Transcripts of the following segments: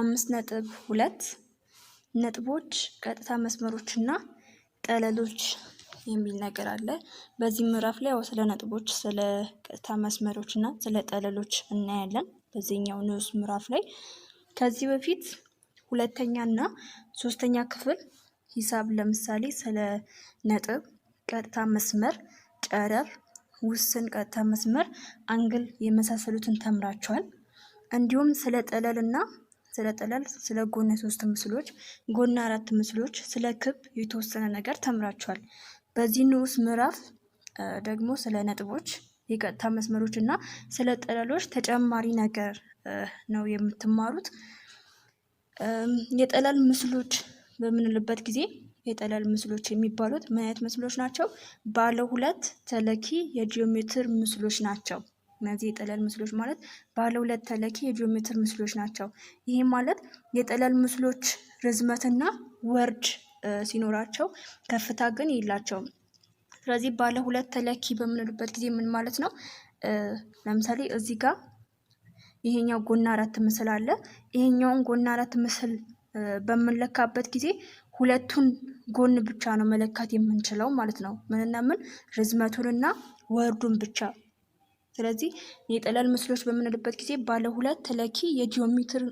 አምስት ነጥብ ሁለት ነጥቦች፣ ቀጥታ መስመሮች እና ጠለሎች የሚል ነገር አለ። በዚህ ምዕራፍ ላይ ስለ ነጥቦች፣ ስለ ቀጥታ መስመሮች እና ስለ ጠለሎች እናያለን በዚህኛው ንዑስ ምዕራፍ ላይ። ከዚህ በፊት ሁለተኛ እና ሶስተኛ ክፍል ሂሳብ ለምሳሌ ስለ ነጥብ፣ ቀጥታ መስመር፣ ጨረር፣ ውስን ቀጥታ መስመር፣ አንግል የመሳሰሉትን ተምራቸዋል። እንዲሁም ስለ ጠለል እና ስለ ጠለል፣ ስለ ጎነ ሶስት ምስሎች፣ ጎነ አራት ምስሎች፣ ስለ ክብ የተወሰነ ነገር ተምራችኋል። በዚህ ንዑስ ምዕራፍ ደግሞ ስለ ነጥቦች፣ የቀጥታ መስመሮች እና ስለ ጠለሎች ተጨማሪ ነገር ነው የምትማሩት። የጠለል ምስሎች በምንልበት ጊዜ የጠለል ምስሎች የሚባሉት ምን አይነት ምስሎች ናቸው? ባለ ሁለት ተለኪ የጂኦሜትር ምስሎች ናቸው። እነዚህ የጠለል ምስሎች ማለት ባለ ሁለት ተለኪ የጂኦሜትር ምስሎች ናቸው። ይህም ማለት የጠለል ምስሎች ርዝመትና ወርድ ሲኖራቸው ከፍታ ግን የላቸውም። ስለዚህ ባለ ሁለት ተለኪ በምንልበት ጊዜ ምን ማለት ነው? ለምሳሌ እዚህ ጋር ይሄኛው ጎና አራት ምስል አለ። ይሄኛውን ጎና አራት ምስል በምንለካበት ጊዜ ሁለቱን ጎን ብቻ ነው መለካት የምንችለው ማለት ነው። ምንና ምን ርዝመቱንና ወርዱን ብቻ ስለዚህ የጠለል ምስሎች በምንልበት ጊዜ ባለ ሁለት ተለኪ የጂኦሜትር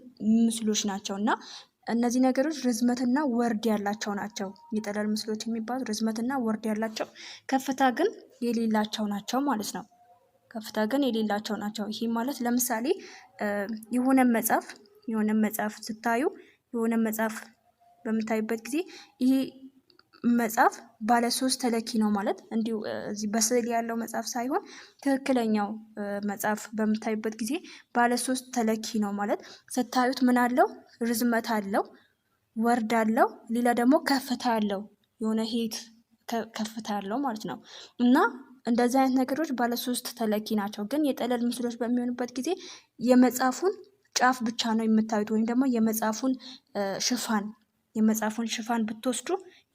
ምስሎች ናቸው እና እነዚህ ነገሮች ርዝመትና ወርድ ያላቸው ናቸው። የጠለል ምስሎች የሚባሉ ርዝመትና ወርድ ያላቸው፣ ከፍታ ግን የሌላቸው ናቸው ማለት ነው። ከፍታ ግን የሌላቸው ናቸው። ይሄ ማለት ለምሳሌ የሆነ መጽሐፍ የሆነ መጽሐፍ ስታዩ የሆነ መጽሐፍ በምታዩበት ጊዜ ይሄ መጽሐፍ ባለ ሶስት ተለኪ ነው ማለት እንዲሁ እዚህ በስዕል ያለው መጽሐፍ ሳይሆን ትክክለኛው መጽሐፍ በምታዩበት ጊዜ ባለ ሶስት ተለኪ ነው ማለት ስታዩት ምን አለው? ርዝመት አለው፣ ወርድ አለው፣ ሌላ ደግሞ ከፍታ አለው፣ የሆነ ሄት ከፍታ አለው ማለት ነው እና እንደዚህ አይነት ነገሮች ባለ ሶስት ተለኪ ናቸው። ግን የጠለል ምስሎች በሚሆኑበት ጊዜ የመጽሐፉን ጫፍ ብቻ ነው የምታዩት ወይም ደግሞ የመጽሐፉን ሽፋን የመጽሐፉን ሽፋን ብትወስዱ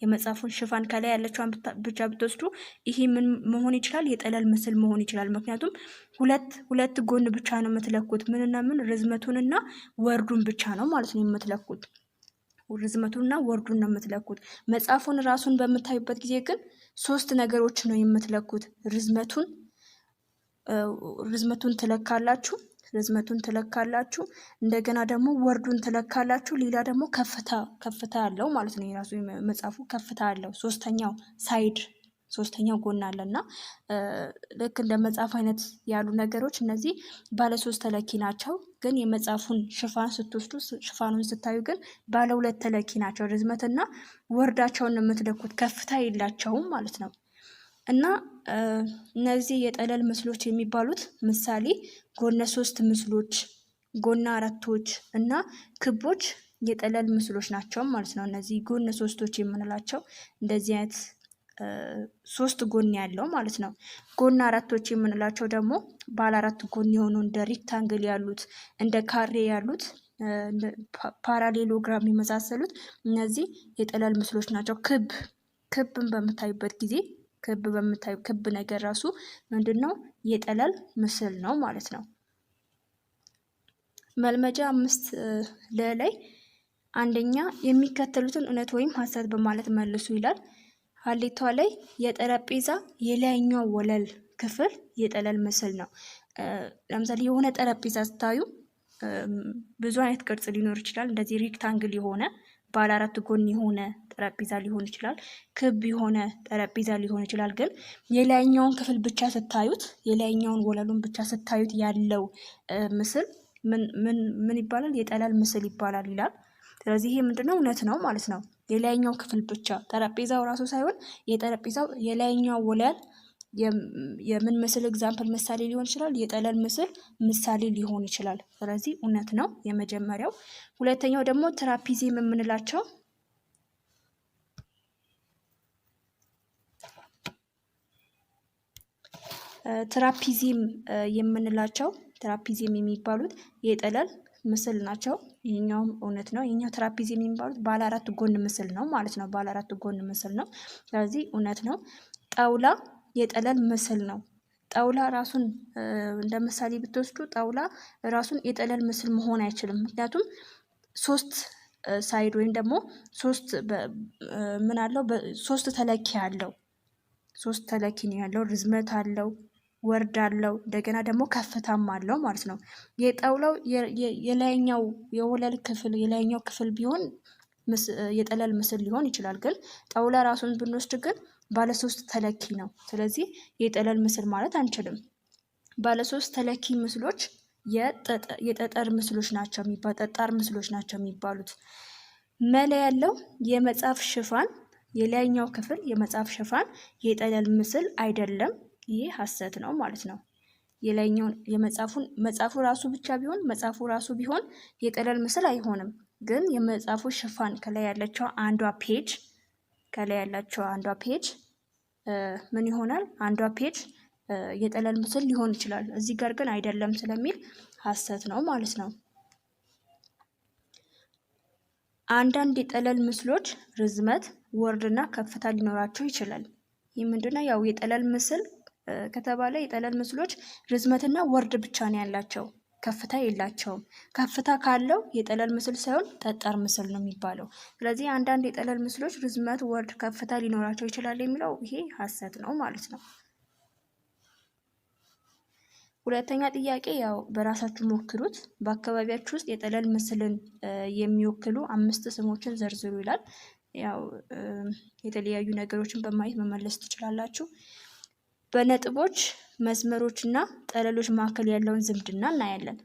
የመጽሐፉን ሽፋን ከላይ ያለችውን ብቻ ብትወስዱ ይሄ ምን መሆን ይችላል? የጠለል ምስል መሆን ይችላል። ምክንያቱም ሁለት ሁለት ጎን ብቻ ነው የምትለኩት። ምንና ምን ርዝመቱንና ወርዱን ብቻ ነው ማለት ነው የምትለኩት። ርዝመቱንና ወርዱን ነው የምትለኩት። መጽሐፉን ራሱን በምታዩበት ጊዜ ግን ሶስት ነገሮች ነው የምትለኩት። ርዝመቱን ርዝመቱን ትለካላችሁ ርዝመቱን ትለካላችሁ። እንደገና ደግሞ ወርዱን ትለካላችሁ። ሌላ ደግሞ ከፍታ ከፍታ አለው ማለት ነው። የራሱ መጽሐፉ ከፍታ አለው። ሶስተኛው ሳይድ ሶስተኛው ጎን አለ እና ልክ እንደ መጽሐፍ አይነት ያሉ ነገሮች እነዚህ ባለ ሶስት ተለኪ ናቸው። ግን የመጽሐፉን ሽፋን ስትወስዱ ሽፋኑን ስታዩ ግን ባለ ሁለት ተለኪ ናቸው። ርዝመትና ወርዳቸውን የምትለኩት ከፍታ የላቸውም ማለት ነው። እና እነዚህ የጠለል ምስሎች የሚባሉት ምሳሌ ጎነ ሶስት ምስሎች፣ ጎነ አራቶች እና ክቦች የጠለል ምስሎች ናቸው ማለት ነው። እነዚህ ጎነ ሶስቶች የምንላቸው እንደዚህ አይነት ሶስት ጎን ያለው ማለት ነው። ጎን አራቶች የምንላቸው ደግሞ ባለ አራት ጎን የሆኑ እንደ ሪክታንግል ያሉት እንደ ካሬ ያሉት ፓራሌሎግራም የመሳሰሉት እነዚህ የጠለል ምስሎች ናቸው። ክብ ክብን በምታዩበት ጊዜ ክብ በምታዩ ክብ ነገር ራሱ ምንድን ነው የጠለል ምስል ነው ማለት ነው። መልመጃ አምስት ለላይ አንደኛ የሚከተሉትን እውነት ወይም ሀሰት በማለት መልሱ ይላል። ሀሌቷ ላይ የጠረጴዛ የላይኛው ወለል ክፍል የጠለል ምስል ነው። ለምሳሌ የሆነ ጠረጴዛ ስታዩ ብዙ አይነት ቅርጽ ሊኖር ይችላል። እንደዚህ ሪክታንግል የሆነ ባለ አራት ጎን የሆነ ጠረጴዛ ሊሆን ይችላል፣ ክብ የሆነ ጠረጴዛ ሊሆን ይችላል። ግን የላይኛውን ክፍል ብቻ ስታዩት፣ የላይኛውን ወለሉን ብቻ ስታዩት ያለው ምስል ምን ይባላል? የጠለል ምስል ይባላል ይላል። ስለዚህ ይሄ ምንድነው? እውነት ነው ማለት ነው። የላይኛው ክፍል ብቻ ጠረጴዛው ራሱ ሳይሆን የጠረጴዛው የላይኛው ወለል የምን ምስል ኤግዛምፕል ምሳሌ ሊሆን ይችላል። የጠለል ምስል ምሳሌ ሊሆን ይችላል። ስለዚህ እውነት ነው የመጀመሪያው። ሁለተኛው ደግሞ ትራፒዚየም የምንላቸው ትራፒዚየም የምንላቸው ትራፒዚየም የሚባሉት የጠለል ምስል ናቸው። ይህኛውም እውነት ነው። ይህኛው ትራፒዚ የሚባሉት ባለ አራት ጎን ምስል ነው ማለት ነው። ባለ አራት ጎን ምስል ነው። ስለዚህ እውነት ነው። ጣውላ የጠለል ምስል ነው። ጣውላ ራሱን እንደ ምሳሌ ብትወስዱ ጣውላ ራሱን የጠለል ምስል መሆን አይችልም። ምክንያቱም ሶስት ሳይድ ወይም ደግሞ ሶስት ምን አለው ሶስት ተለኪ አለው። ሶስት ተለኪ ነው ያለው። ርዝመት አለው፣ ወርድ አለው፣ እንደገና ደግሞ ከፍታም አለው ማለት ነው። የጣውላው የላይኛው የወለል ክፍል የላይኛው ክፍል ቢሆን የጠለል ምስል ሊሆን ይችላል። ግን ጣውላ ራሱን ብንወስድ ግን ባለሶስት ተለኪ ነው። ስለዚህ የጠለል ምስል ማለት አንችልም። ባለሶስት ተለኪ ምስሎች የጠጠር ምስሎች ናቸው የሚባሉ ጠጣር ምስሎች ናቸው የሚባሉት። መለ ያለው የመጽሐፍ ሽፋን የላይኛው ክፍል የመጽሐፍ ሽፋን የጠለል ምስል አይደለም። ይህ ሐሰት ነው ማለት ነው። የላይኛውን የመጽሐፉን መጽሐፉ ራሱ ብቻ ቢሆን መጽሐፉ ራሱ ቢሆን የጠለል ምስል አይሆንም። ግን የመጽሐፉ ሽፋን ከላይ ያለችው አንዷ ፔጅ ከላይ ያላቸው አንዷ ፔጅ ምን ይሆናል? አንዷ ፔጅ የጠለል ምስል ሊሆን ይችላል። እዚህ ጋር ግን አይደለም ስለሚል ሀሰት ነው ማለት ነው። አንዳንድ የጠለል ምስሎች ርዝመት፣ ወርድ እና ከፍታ ሊኖራቸው ይችላል። ይህ ምንድነው? ያው የጠለል ምስል ከተባለ የጠለል ምስሎች ርዝመትና ወርድ ብቻ ነው ያላቸው። ከፍታ የላቸውም። ከፍታ ካለው የጠለል ምስል ሳይሆን ጠጠር ምስል ነው የሚባለው። ስለዚህ አንዳንድ የጠለል ምስሎች ርዝመት፣ ወርድ፣ ከፍታ ሊኖራቸው ይችላል የሚለው ይሄ ሀሰት ነው ማለት ነው። ሁለተኛ ጥያቄ ያው በራሳችሁ ሞክሩት። በአካባቢያችሁ ውስጥ የጠለል ምስልን የሚወክሉ አምስት ስሞችን ዘርዝሩ ይላል። ያው የተለያዩ ነገሮችን በማየት መመለስ ትችላላችሁ። በነጥቦች መስመሮች እና ጠለሎች መካከል ያለውን ዝምድና እናያለን።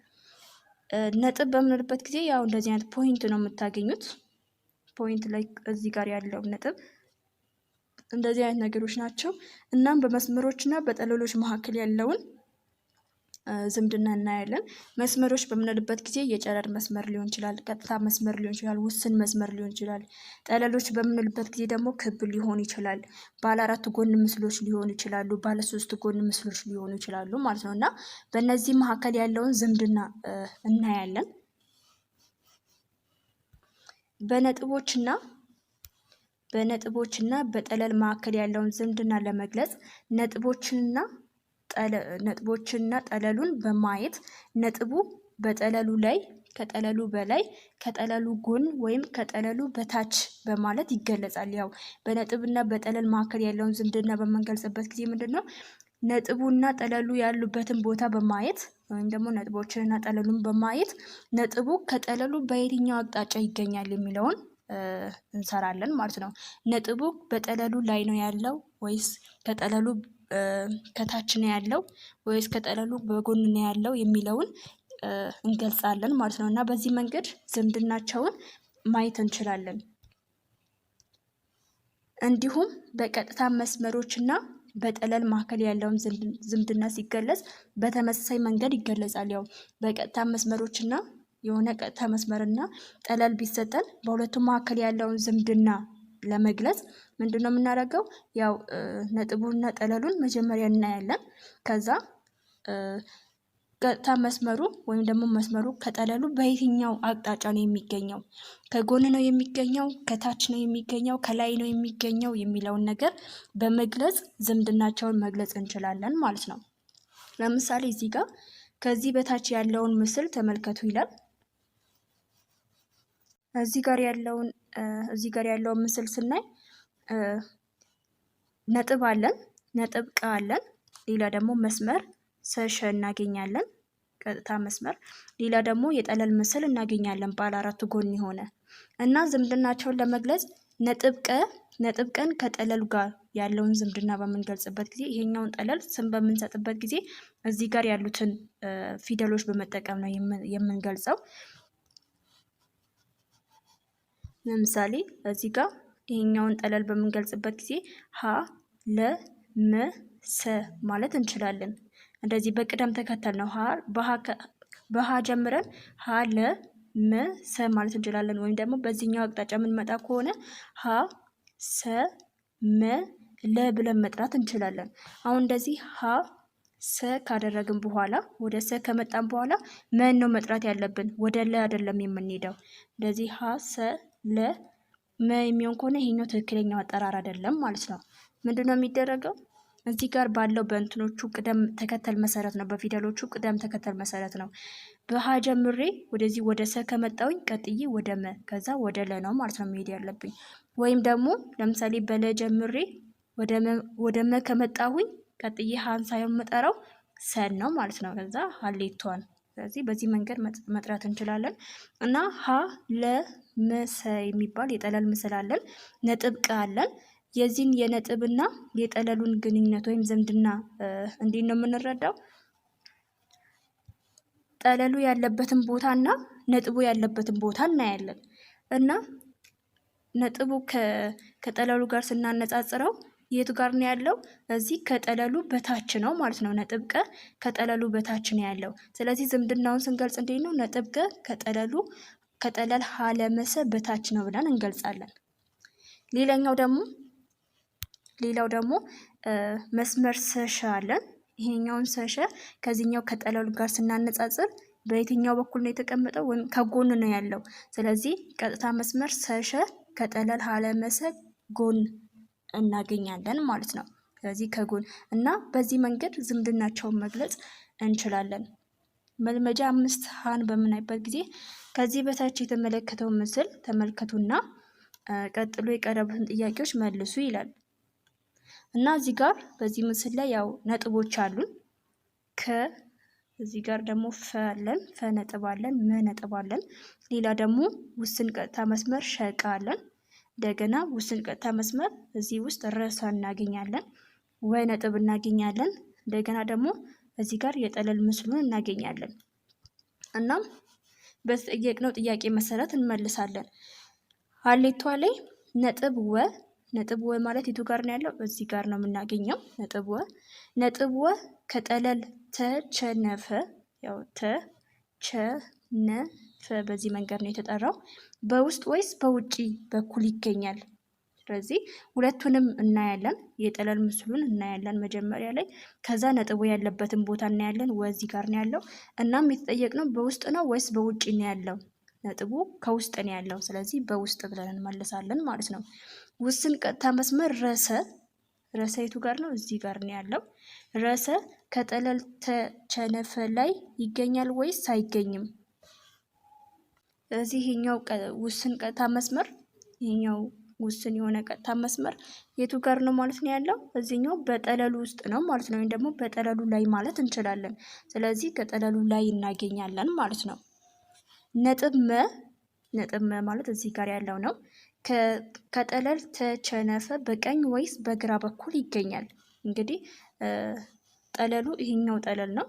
ነጥብ በምንልበት ጊዜ ያው እንደዚህ አይነት ፖይንት ነው የምታገኙት። ፖይንት ላይ እዚህ ጋር ያለው ነጥብ እንደዚህ አይነት ነገሮች ናቸው። እናም በመስመሮች እና በጠለሎች መካከል ያለውን ዝምድና እናያለን። መስመሮች በምንልበት ጊዜ የጨረር መስመር ሊሆን ይችላል፣ ቀጥታ መስመር ሊሆን ይችላል፣ ውስን መስመር ሊሆን ይችላል። ጠለሎች በምንልበት ጊዜ ደግሞ ክብ ሊሆን ይችላል፣ ባለ አራት ጎን ምስሎች ሊሆኑ ይችላሉ፣ ባለ ሶስት ጎን ምስሎች ሊሆኑ ይችላሉ ማለት ነው እና በእነዚህ መካከል ያለውን ዝምድና እናያለን። በነጥቦችና በነጥቦችና በጠለል መካከል ያለውን ዝምድና ለመግለጽ ነጥቦችንና ነጥቦችና ጠለሉን በማየት ነጥቡ በጠለሉ ላይ፣ ከጠለሉ በላይ፣ ከጠለሉ ጎን ወይም ከጠለሉ በታች በማለት ይገለጻል። ያው በነጥብና በጠለል መካከል ያለውን ዝምድና በምንገልጽበት ጊዜ ምንድን ነው ነጥቡና ጠለሉ ያሉበትን ቦታ በማየት ወይም ደግሞ ነጥቦችንና ጠለሉን በማየት ነጥቡ ከጠለሉ በየትኛው አቅጣጫ ይገኛል የሚለውን እንሰራለን ማለት ነው። ነጥቡ በጠለሉ ላይ ነው ያለው ወይስ ከጠለሉ ከታች ነው ያለው ወይስ ከጠለሉ በጎን ነው ያለው የሚለውን እንገልጻለን ማለት ነው። እና በዚህ መንገድ ዝምድናቸውን ማየት እንችላለን። እንዲሁም በቀጥታ መስመሮች እና በጠለል መካከል ያለውን ዝምድና ሲገለጽ በተመሳሳይ መንገድ ይገለጻል። ያው በቀጥታ መስመሮችና የሆነ ቀጥታ መስመርና ጠለል ቢሰጠን በሁለቱም መካከል ያለውን ዝምድና ለመግለጽ ምንድን ነው የምናደርገው? ያው ነጥቡና ጠለሉን መጀመሪያ እናያለን። ከዛ ቀጥታ መስመሩ ወይም ደግሞ መስመሩ ከጠለሉ በየትኛው አቅጣጫ ነው የሚገኘው? ከጎን ነው የሚገኘው? ከታች ነው የሚገኘው? ከላይ ነው የሚገኘው? የሚለውን ነገር በመግለጽ ዝምድናቸውን መግለጽ እንችላለን ማለት ነው። ለምሳሌ እዚህ ጋር ከዚህ በታች ያለውን ምስል ተመልከቱ ይላል። እዚህ ጋር ያለውን እዚህ ጋር ያለውን ምስል ስናይ ነጥብ አለን፣ ነጥብ ቀ አለን። ሌላ ደግሞ መስመር ሰሸ እናገኛለን፣ ቀጥታ መስመር። ሌላ ደግሞ የጠለል ምስል እናገኛለን፣ ባለ አራት ጎን የሆነ እና ዝምድናቸውን ለመግለጽ ነጥብ ቀ ነጥብ ቀን ከጠለል ጋር ያለውን ዝምድና በምንገልጽበት ጊዜ ይሄኛውን ጠለል ስም በምንሰጥበት ጊዜ እዚህ ጋር ያሉትን ፊደሎች በመጠቀም ነው የምንገልጸው። ለምሳሌ እዚህ ጋር ይሄኛውን ጠለል በምንገልጽበት ጊዜ ሀ ለ ም ሰ ማለት እንችላለን። እንደዚህ በቅደም ተከተል ነው። በሀ ጀምረን ሀ ለ ም ሰ ማለት እንችላለን። ወይም ደግሞ በዚህኛው አቅጣጫ የምንመጣ ከሆነ ሀ ሰ መ ለ ብለን መጥራት እንችላለን። አሁን እንደዚህ ሀ ሰ ካደረግን በኋላ ወደ ሰ ከመጣን በኋላ መን ነው መጥራት ያለብን፣ ወደ ለ አይደለም የምንሄደው። እንደዚህ ሀ ሰ ለ መ የሚሆን ከሆነ ይሄኛው ትክክለኛው አጠራር አይደለም ማለት ነው። ምንድን ነው የሚደረገው? እዚህ ጋር ባለው በእንትኖቹ ቅደም ተከተል መሰረት ነው፣ በፊደሎቹ ቅደም ተከተል መሰረት ነው። በሀ ጀምሬ ወደዚህ ወደ ሰ ከመጣውኝ ቀጥዬ ወደ መ ከዛ ወደ ለ ነው ማለት ነው መሄድ ያለብኝ። ወይም ደግሞ ለምሳሌ በለ ጀምሬ ወደ መ ከመጣሁኝ ቀጥዬ ሀን ሳይሆን የምጠራው ሰን ነው ማለት ነው። ከዛ ሀሌቷን ስለዚህ በዚህ መንገድ መጥራት እንችላለን እና ሀ ለ መሰ የሚባል የጠለል ምስል አለን። ነጥብ ቀ አለን። የዚህን የነጥብና የጠለሉን ግንኙነት ወይም ዝምድና እንዴት ነው የምንረዳው? ጠለሉ ያለበትን ቦታና ነጥቡ ያለበትን ቦታ እናያለን እና ነጥቡ ከጠለሉ ጋር ስናነጻጽረው የቱ ጋር ነው ያለው? እዚህ ከጠለሉ በታች ነው ማለት ነው። ነጥብ ቀ ከጠለሉ በታች ነው ያለው። ስለዚህ ዝምድናውን ስንገልጽ እንዴት ነው? ነጥብ ቀ ከጠለሉ ከጠለል ሀለመሰ በታች ነው ብለን እንገልጻለን። ሌላኛው ደግሞ ሌላው ደግሞ መስመር ሰሸ አለን። ይሄኛውን ሰሸ ከዚህኛው ከጠለሉ ጋር ስናነጻጽር በየትኛው በኩል ነው የተቀመጠው? ወይም ከጎን ነው ያለው። ስለዚህ ቀጥታ መስመር ሰሸ ከጠለል ሀለመሰ ጎን እናገኛለን ማለት ነው። ስለዚህ ከጎን እና በዚህ መንገድ ዝምድናቸውን መግለጽ እንችላለን። መልመጃ አምስት ሀን በምናይበት ጊዜ ከዚህ በታች የተመለከተው ምስል ተመልከቱና ቀጥሎ የቀረቡትን ጥያቄዎች መልሱ ይላል እና እዚህ ጋር በዚህ ምስል ላይ ያው ነጥቦች አሉን። ከ እዚህ ጋር ደግሞ ፈ አለን፣ ፈ ነጥብ አለን፣ መ ነጥብ አለን። ሌላ ደግሞ ውስን ቀጥታ መስመር ሸቃ አለን። እንደገና ውስን ቀጥታ መስመር እዚህ ውስጥ ረሳ እናገኛለን፣ ወ ነጥብ እናገኛለን። እንደገና ደግሞ እዚህ ጋር የጠለል ምስሉን እናገኛለን። እናም በጠየቅነው ጥያቄ መሰረት እንመልሳለን። ሀሌቷ ላይ ነጥብ ወ ነጥብ ወ ማለት የቱ ጋር ነው ያለው? እዚህ ጋር ነው የምናገኘው። ነጥብ ወ ነጥብ ወ ከጠለል ተቸነፈ ያው ተቸነፈ በዚህ መንገድ ነው የተጠራው። በውስጥ ወይስ በውጪ በኩል ይገኛል? ስለዚህ ሁለቱንም እናያለን። የጠለል ምስሉን እናያለን መጀመሪያ ላይ፣ ከዛ ነጥቡ ያለበትን ቦታ እናያለን። ወዚህ ጋር ነው ያለው። እናም የተጠየቅነው በውስጥ ነው ወይስ በውጭ ነው ያለው? ነጥቡ ከውስጥ ነው ያለው። ስለዚህ በውስጥ ብለን እንመልሳለን ማለት ነው። ውስን ቀጥታ መስመር ረሰ ረሰ የቱ ጋር ነው? እዚህ ጋር ነው ያለው። ረሰ ከጠለል ተቸነፈ ላይ ይገኛል ወይስ አይገኝም? እዚህ ይሄኛው ውስን ቀጥታ መስመር ይሄኛው ውስን የሆነ ቀጥታ መስመር የቱ ጋር ነው ማለት ነው ያለው? እዚህኛው በጠለሉ ውስጥ ነው ማለት ነው። ወይም ደግሞ በጠለሉ ላይ ማለት እንችላለን። ስለዚህ ከጠለሉ ላይ እናገኛለን ማለት ነው። ነጥብ መ ነጥብ መ ማለት እዚህ ጋር ያለው ነው። ከጠለል ተቸነፈ በቀኝ ወይስ በግራ በኩል ይገኛል? እንግዲህ ጠለሉ ይሄኛው ጠለል ነው።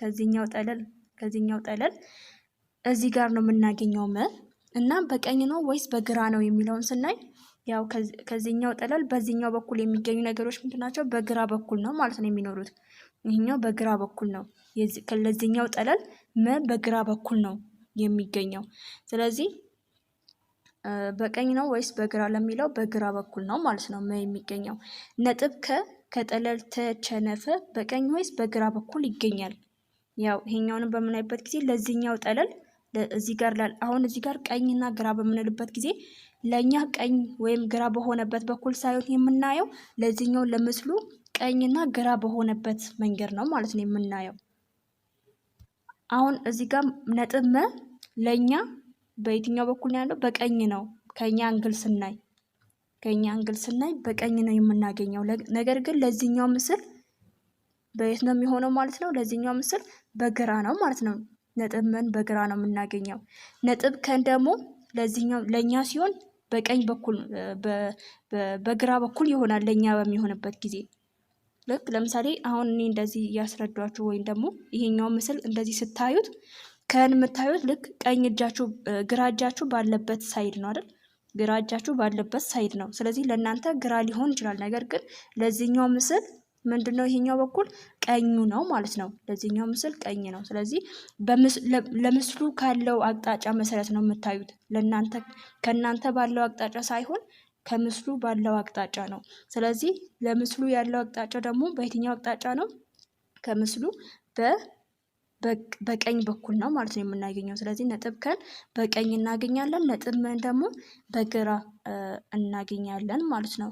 ከዚህኛው ጠለል ከዚህኛው ጠለል እዚህ ጋር ነው የምናገኘው መ እና በቀኝ ነው ወይስ በግራ ነው የሚለውን ስናይ ያው ከዚህኛው ጠለል በዚህኛው በኩል የሚገኙ ነገሮች ምንድን ናቸው? በግራ በኩል ነው ማለት ነው የሚኖሩት። ይህኛው በግራ በኩል ነው፣ ለዚህኛው ጠለል መ በግራ በኩል ነው የሚገኘው። ስለዚህ በቀኝ ነው ወይስ በግራ ለሚለው በግራ በኩል ነው ማለት ነው መ የሚገኘው። ነጥብ ከ ከጠለል ተቸነፈ በቀኝ ወይስ በግራ በኩል ይገኛል። ያው ይሄኛውንም በምናይበት ጊዜ ለዚህኛው ጠለል እዚህ ጋር አሁን እዚህ ጋር ቀኝና ግራ በምንልበት ጊዜ ለእኛ ቀኝ ወይም ግራ በሆነበት በኩል ሳይሆን የምናየው ለዚህኛው ለምስሉ ቀኝና ግራ በሆነበት መንገድ ነው ማለት ነው የምናየው። አሁን እዚህ ጋር ነጥብ መ ለእኛ በየትኛው በኩል ነው ያለው? በቀኝ ነው። ከእኛ አንግል ስናይ ከእኛ አንግል ስናይ በቀኝ ነው የምናገኘው። ነገር ግን ለዚህኛው ምስል በየት ነው የሚሆነው ማለት ነው? ለዚህኛው ምስል በግራ ነው ማለት ነው። ነጥብን በግራ ነው የምናገኘው። ነጥብ ከን ደግሞ ለዚህኛው ለእኛ ሲሆን በቀኝ በኩል በግራ በኩል ይሆናል ለእኛ በሚሆንበት ጊዜ ልክ ለምሳሌ አሁን እኔ እንደዚህ እያስረዷችሁ ወይም ደግሞ ይሄኛው ምስል እንደዚህ ስታዩት ከን የምታዩት ልክ ቀኝ እጃችሁ ግራ እጃችሁ ባለበት ሳይድ ነው አይደል? ግራ እጃችሁ ባለበት ሳይድ ነው። ስለዚህ ለእናንተ ግራ ሊሆን ይችላል። ነገር ግን ለዚህኛው ምስል ምንድን ነው ይሄኛው በኩል ቀኙ ነው ማለት ነው። ለዚህኛው ምስል ቀኝ ነው። ስለዚህ ለምስሉ ካለው አቅጣጫ መሰረት ነው የምታዩት። ለእናንተ ከእናንተ ባለው አቅጣጫ ሳይሆን ከምስሉ ባለው አቅጣጫ ነው። ስለዚህ ለምስሉ ያለው አቅጣጫ ደግሞ በየትኛው አቅጣጫ ነው? ከምስሉ በ በቀኝ በኩል ነው ማለት ነው የምናገኘው። ስለዚህ ነጥብ ከን በቀኝ እናገኛለን። ነጥብ ምን ደግሞ በግራ እናገኛለን ማለት ነው።